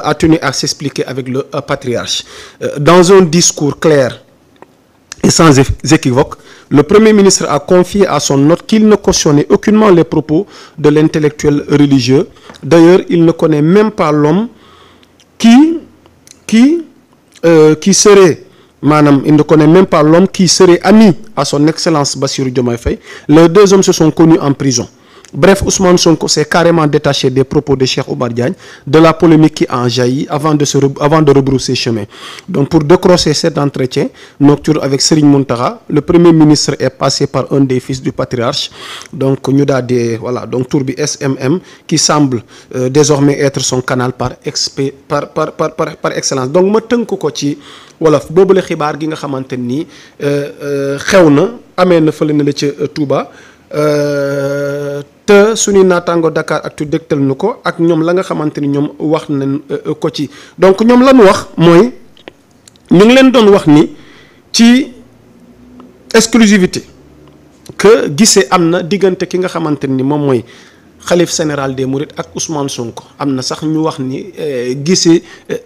a tenu à s'expliquer avec le euh, patriarche euh, dans un discours clair et sans équivoque le premier ministre a confié à son hôte qu'il ne cautionnait aucunement les propos de l'intellectuel religieux d'ailleurs il ne connaît même pas l'homme qui qui euh, qui serait maanaam il ne connaît même pas l'homme qui serait ami à son excellence Bassirou Diomaye Faye les deux hommes se sont connus en prison Bref, Ousmane Sonko s'est carrément détaché des propos de Cheikh Oumar Diagne, de la polémique qui en jaillit avant de se avant de rebrousser chemin. Donc pour décrocher cet entretien nocturne avec Serigne Mountakha, le Premier ministre est passé par un des fils du patriarche. Donc ñu daal di voilà, donc tur bi SMM qui semble euh, désormais être son canal par exp par par par par, par excellence. Donc ma tënk ko ci wolof boobule xibaar gi nga xamante ni euh, euh, xew na amee na fële na la ca Touba. Euh, te suñu naataango Dakar Actu dégtal nu ko ak ñoom la nga xamante ni ñoom wax nañ euh, ko donc ñoom lan wax mooy ñu ngi leen doon wax ni ci exclusivité que gisee am na diggante ki nga xamante ni moom mooy xalif général de Mourides ak Ousmane Sonko am na sax ñu wax ni euh, gisee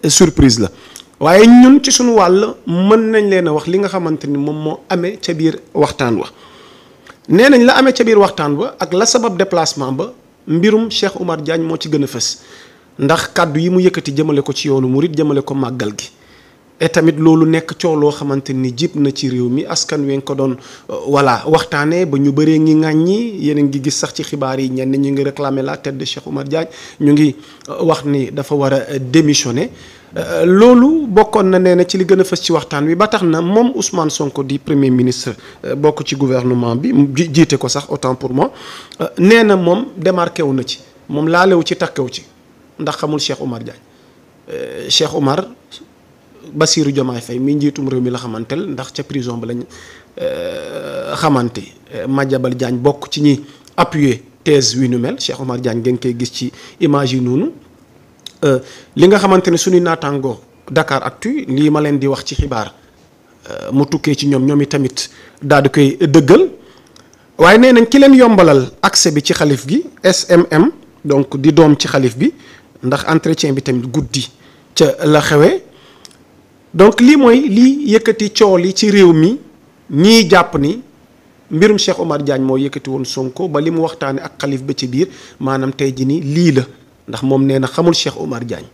surprise la waaye ñun ci suñu wàll mën nañ leen a wax li nga xamante ni moom moo amee ca biir waxtaan wa nee nañ la amee ca biir waxtaan ba ak la sabab déplacement ba mbirum Cheikh Oumar Diagne moo ci gën a fës ndax kàddu yi mu yëkkati jëmale ko ci yoonu murit jëmale ko màggal gi et tamit loolu nekk coow loo xamante ni jib na ci réew mi askan wi nga ko doon euh, voilà waxtaanee ba ñu bëree ngi ŋàññi yéen a ngi gis sax ci xibaar yi ñenn ñu ngi réclamer la tête de Cheikh Oumar ñu ngi euh, wax ni dafa war a euh, démissionner. loolu bokkoon na nee na ci li gën a fës ci waxtaan wi ba tax na moom Ousmane Sonko di premier ministre bokk ci guvernement bi jiite ko sax autant pour moi nee na moom démarqué wu na ci moom laalewu ci takkewu ci ndax xamul Cheikh Oumar Diagne Cheikh Oumar. Bassirou Diomaye Faye mi njiitum réew mi la xamanteel ndax ca prison ba lañ euh, xamante euh, Madiambal Diagne bokk ci ñi appuyer thèse wi nu mel Cheikh Omar Diagne ngeen koy gis ci image yi noonu euh, li nga xamante ne suñu naataangoo Dakaractu lii ma leen di wax ci xibaar mu tukkee ci ñoom ñoom tamit daal di koy dëggal waaye nee nañ ki leen yombalal accès bi ci xalif gi SMM donc di doom ci xalif bi ndax entretien bi tamit guddi ca la xewee donc lii mooy lii yëkkati coow li ci réew mi ñii jàpp ni mbirum Cheikh Omar Diagne moo yëkkati woon Sonko ba li mu waxtaanee ak xalif ba ci biir maanaam tey jii nii lii la ndax moom nee na xamul Cheikh Omar Diagne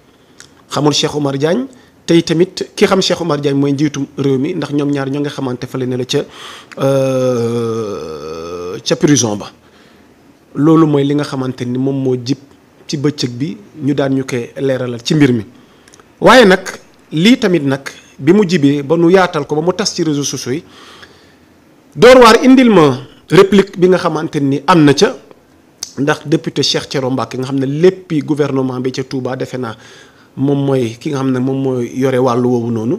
xamul Cheikh Omar Diagne tey tamit ki xam Cheikh Omar Diagne mooy njiitu réew mi ndax ñoom ñaar ñoo nga xamante fële ne la ca euh, ca prison ba loolu mooy li nga xamante ni moom moo jib ci bëccëg bi ñu daan ñu koy leeralal ci mbir mi waaye nag. lii tamit nag bi mu jibee ba nu yaatal ko ba mu tas ci réseaux sociaux yi door waar indil ma réplique bi nga xamante ni am na ca ndax député Cheikh Thioro Mbacké nga xam ne léppi gouvernement bi ca tuubaa defe naa moom mooy ki nga xam ne moom mooy yore wàllu woowu noonu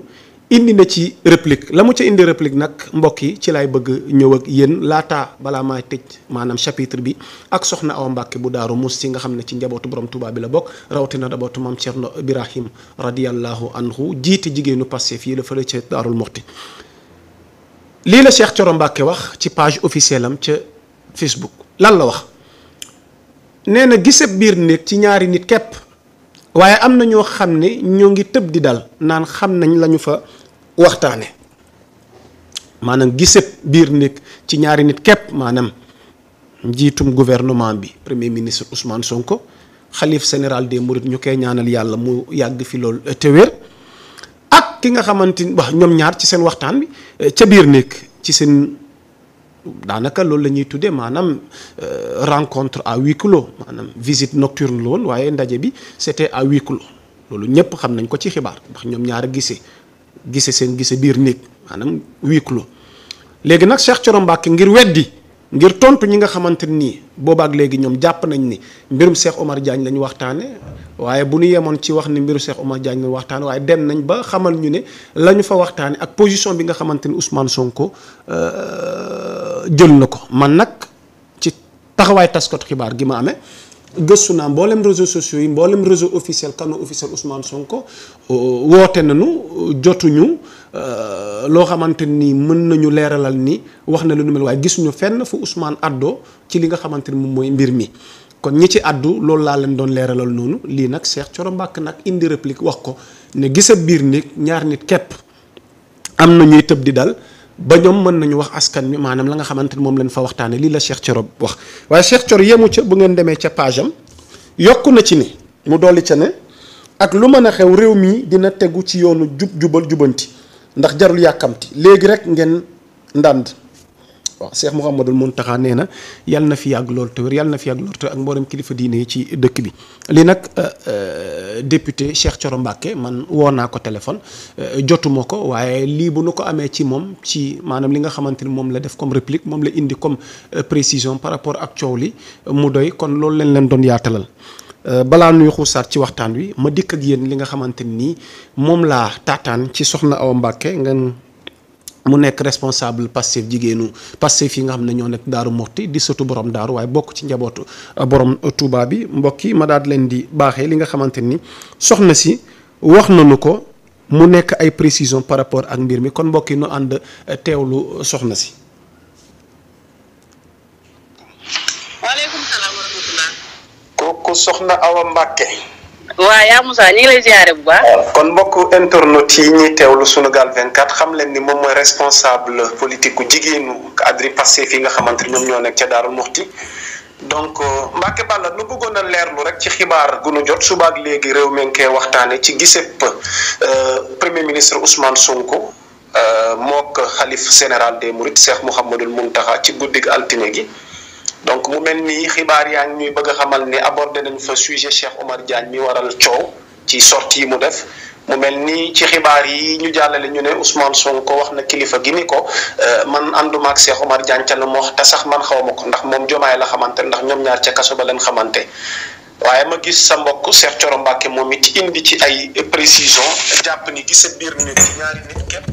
indi na ci réplique la mu ca indi réplique nag mbokk yi ci laay bëgg ñëw ak yéen laata balaa maay tëj maanaam chapitre bi ak soxna Awa Mbàkke bu daaru mus si nga xam ne ci njabootu borom tubaab bi la bokk rawatina njabootu maam Cerno Ibrahim radiallahu anhu jiite jigéenu Pastef yi dafa la ca daarul moxti lii la Cheikh Thioro Mbàkke wax ci page officielle am ca Facebook lan la wax nee na gisab biir néeg ci ñaari nit képp waaye am na ñoo xam ne ñoo ngi tëb di dal waxtaane maanaam giseb biir nekk ci ñaari nit képp maanaam njiitum gouvernement bi premier ministre Ousmane Sonko xalif sénéral des Mourides ñu koy ñaanal yàlla mu yàgg fi loolu te wér ak ki nga xamante ni ñoom ñaar ci seen waxtaan bi eh, ca biir néeg ci seen daanaka loolu la ñuy tuddee maanaam eh, rencontre à huis maanaam visite nocturne lool waaye ndaje bi c'était à huis loolu ñëpp xam nañ ko ci xibaar ndax ñoom ñaar a gisee gise seen gise biir néeg maanaam wii clos léegi nag Cheikh Thioro Mbacke ngir weddi ngir tontu ñi nga xamante nii boobaak léegi ñoom jàpp nañ ni mbirum Cheikh Omar Diagne lañu waxtaane waaye bu ñu yemoon ci wax ni mbiru Cheikh Omar Diagne lañu waxtaane waaye dem nañ ba xamal ñu ne la ñu fa waxtaane ak position bi nga xamante ni Ousmane Sonko euh, jël na ko man nag ci taxawaay taskatu xibaar gi ma amee gëstu naa mboolem réseaux sociaux yi mboolem réseau officiel canaux officiel Ousmane Sonko euh, woote nañu jotuñu euh, loo xamante ni mën nañu leeralal ni wax na lu nu mel waaye gisuñu fenn fu Ousmane addo ci li nga xamante ni moom mooy mbir mi. kon ñi ci addu loolu laa leen doon leeralal noonu lii nag Cheikh Thioro mbàkk nag indi réplique wax ko ne gisa biir nit ñaar nit képp am na ñuy tëb di dal. ba ñoom mën nañu wax askan wi maanaam la nga xamante ni moom lañ fa waxtaane lii la Cheikh Thioro wax waaye Cheikh Thioro yemu ca bu ngeen demee ca page am yokku na ci ni mu dolli ca ne ak lu mën a xew réew mii dina tegu ci yoonu jub jubal jubanti ndax jarul yàkkamti léegi rek ngeen ndànd Cheikh Mouhamadul Mountakha nee na yàlla na fi yàgg lool te wér na fi yàgg lool te ak mboolem kilifa diine ci dëkk bi. lii nag euh, euh, député Cheikh Thioro Mbacké man woo naa ko téléphone euh, jotuma ko waaye lii bu nu ko amee ci moom ci maanaam li nga xamante ni moom la def comme moom la indi comme précision par rapport ak coow li mu doy kon loolu lañ leen doon yaatalal. balaa nuy ci waxtaan wi ma dikk ak yéen li nga xamante nii moom laa taataan ci soxna Awa Mbacké ngeen mu nekk responsable Pastef jigéenu Pastef yi nga xam ne ñoo nekk daaru Moxti di sotu borom daaru waaye bokk ci njabootu euh, borom Touba bi mbokk yi ma daal leen di baaxee li nga xamante ni soxna si wax nañu ko mu nekk ay précision par rapport ak mbir mi kon mbokk yi nu ànd euh, teewlu soxna si. waaleykum waaw yaa Moussa ñu ngi lay ziare bu baax. kon mbokk internautes yi ñuy teewlu Sunugal 24 xam leen ni moom mooy responsable politique ku jigéenu Adri Pastef fii nga xamante ni ñoom ñoo nekk ca Daaru Muxti donc euh, Mbacke Balla nu bëggoon a leerlu rek ci xibaar gu nu jot suba ak léegi réew mi ngi koy waxtaane ci gisep euh, premier ministre Ousmane Sonko euh, mook xalif général des Mourides Cheikh Mouhamadul Mountakha ci guddig altine gi. donc mu mel nii xibaar yaa ngi ñuy bëgg a xamal ni abordé nañ fa sujet Cheikh Omar Diagne mi waral coow ci sortie yi mu def mu mel nii ci xibaar yi ñu jàllale ñu ne Ousmane Sonko wax na kilifa gi ni ko euh, man ànduma ak Cheikh Omar Diagne ca la mu wax te sax man xaw ko ndax moom jomaay la xamante ndax ñoom ñaar ca kaso ba leen xamante. waaye ma gis sa mbokk Cheikh Thioro Mbacké moom it indi ci ay précision jàpp ni gis sa biir nit ñaari nit képp.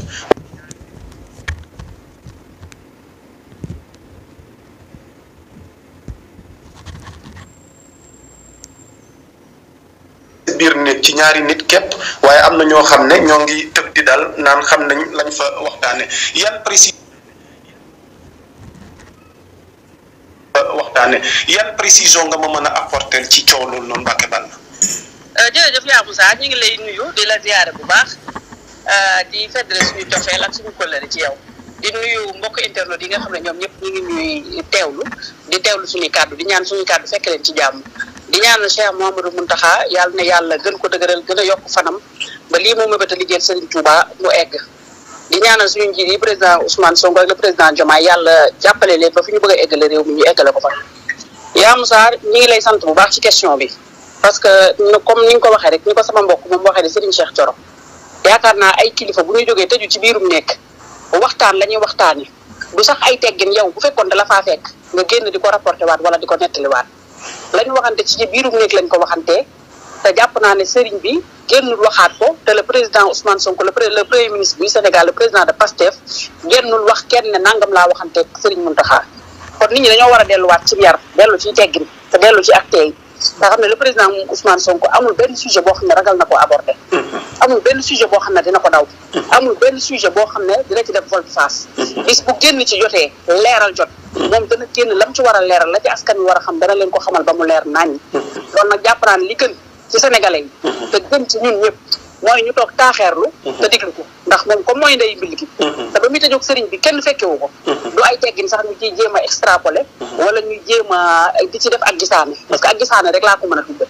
biir néeg ci ñaari nit képp waaye am na ñoo xam ne ñoo ngi tëb di dal naan xam nañ lañ fa waxtaane yan précision waxtaane yan précision nga ma mën a apporter ci coow noon noonu Mbacke Bal euh, jërëjëf yaa saa ñu ngi lay nuyu di la ziyaare bu baax euh, di feddale suñu cofeel ak suñu kóllëre ci yow di nuyu mbokk internet yi nga xam ne ñoom ñëpp ñu ngi ñuy teewlu di teewlu suñuy kàddu di ñaan suñu kàddu fekk leen ci jàmm di ñaanal Cheikh Mouhamadou Mountakha yàlla na yàlla gën ko dëgëral gën a yokk fanam ba lii mu mëbata liggéeyal Serigne Touba mu egg di ñaana suñu njiit yi président Ousmane soo ak le président Diomaye yàlla jàppale leen ba fi ñu bëgg a eggale réew mi ñu eggale ko fa. yaa Moussa ñu ngi lay sant bu baax ci question bi parce que comme ni nga ko waxee rek ni ko sama mbokk moom waxee ne Serigne Cheikh Thioro yaakaar naa ay kilifa bu ñuy jógee tëju ci biirum nekk waxtaan la ñuy waxtaanee du sax ay teggin yow bu fekkoon da la faa fekk nga di ko rapporté waat wala di ko nettaliwaat lañu waxante ci biirum néeg lañ ko waxantee te jàpp naa ne sëriñ bi génnul waxaat ko te le président Ousmane Sonko le le premier ministre bu Sénégal le président de PASTEF génnul wax kenn ne nangam laa waxantee sëriñ Mountakha kon nit ñi dañoo war a delluwaat ci yar dellu ci teggin te dellu ci ak teey nga xam ne le président Ousmane Sonko amul benn sujet boo xam ne ragal na ko aborder. amul benn sujet boo xam ne dina ko daw. amul benn sujet boo xam ne dina ci def volte face. bis bu génn ci jotee leeral jot. moom dana génn lam ci war a leeral la ci askan wi war a xam dana leen ko xamal ba mu leer naan mm-hmm. kon nag jàpp naa ne li gën ci sénégalais yi. Mm-hmm. ci ñun ñëpp. mooy ñu toog taaxeerlu mhm. te déglu ko ndax moom comme mooy nday mbill gi te ba muy tëjoog sëriñ bi kenn fekkewu ko mhm. du ay teggin sax ñu ciy jéem a extrapoler mhm. wala ñu jéem ci def ak gisaane parce que rek laa ko mën a tudde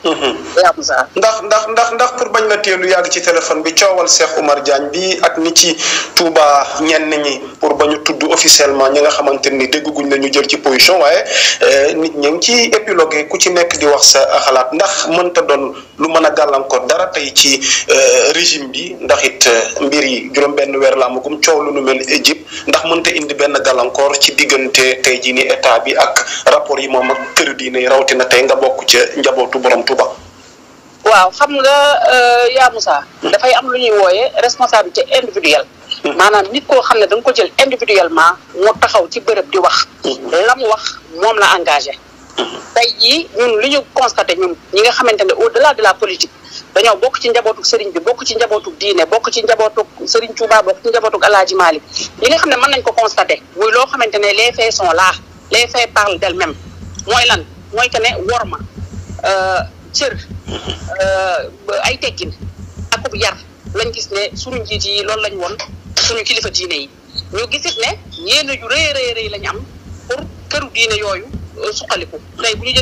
yaa ndax ndax pour bañ la teelu yàgg ci téléphone bi coowal seex Oumar Diagne bi ak ni ci Touba ñenn ñi pour ba ñu tudd officiellement ñi nga xamante ni dégguñ la ñu jël ci position waaye eh, nit ñi ngi ci épilogue ku ci nekk di wax sa xalaat ndax mënta doon lu mën a gàllankoor dara tey ci eh, régime bi ndax it euh, mbir yi juróom-benn weer la amagum coow lu nu mel Égypte ndax mën mënta indi benn gàllankoor ci diggante tey jii ni état bi ak rapport yi moom ak kër diine rawatina tey nga bokku ca njabootu borom Tuuba. waaw xam nga euh, yaa Moussa. Hmm. dafay am lu ñuy wooyee responsabilité individuelle. Hmm. maanaam nit koo xam ne da nga ko jël individuellement moo taxaw ci bërëb di wax. Hmm. lam wax moom na engagé. tey jii ñun li ñu constaté ñun ñi nga xamante ne au de la politique. dañoo bokk ci njabootuk sëriñ bi bokk ci njabootuk diine bokk ci njabootuk sëriñ Touba bokk ci njabootuk Alaaji Maalik li nga xam ne mën nañ ko constaté muy loo xamante ne les faits sont là les faits parlent d'elles-mêmes mooy lan mooy que ne worma euh, cër euh, ay teggin akub yar lañ gis ne suñu njiit yi loolu lañ woon suñu kilifa diine yi ñu gisit ne yéen ju rëy rëy rëy lañ am pour këru diine yooyu euh, suqaliku tey bu ñu jëlee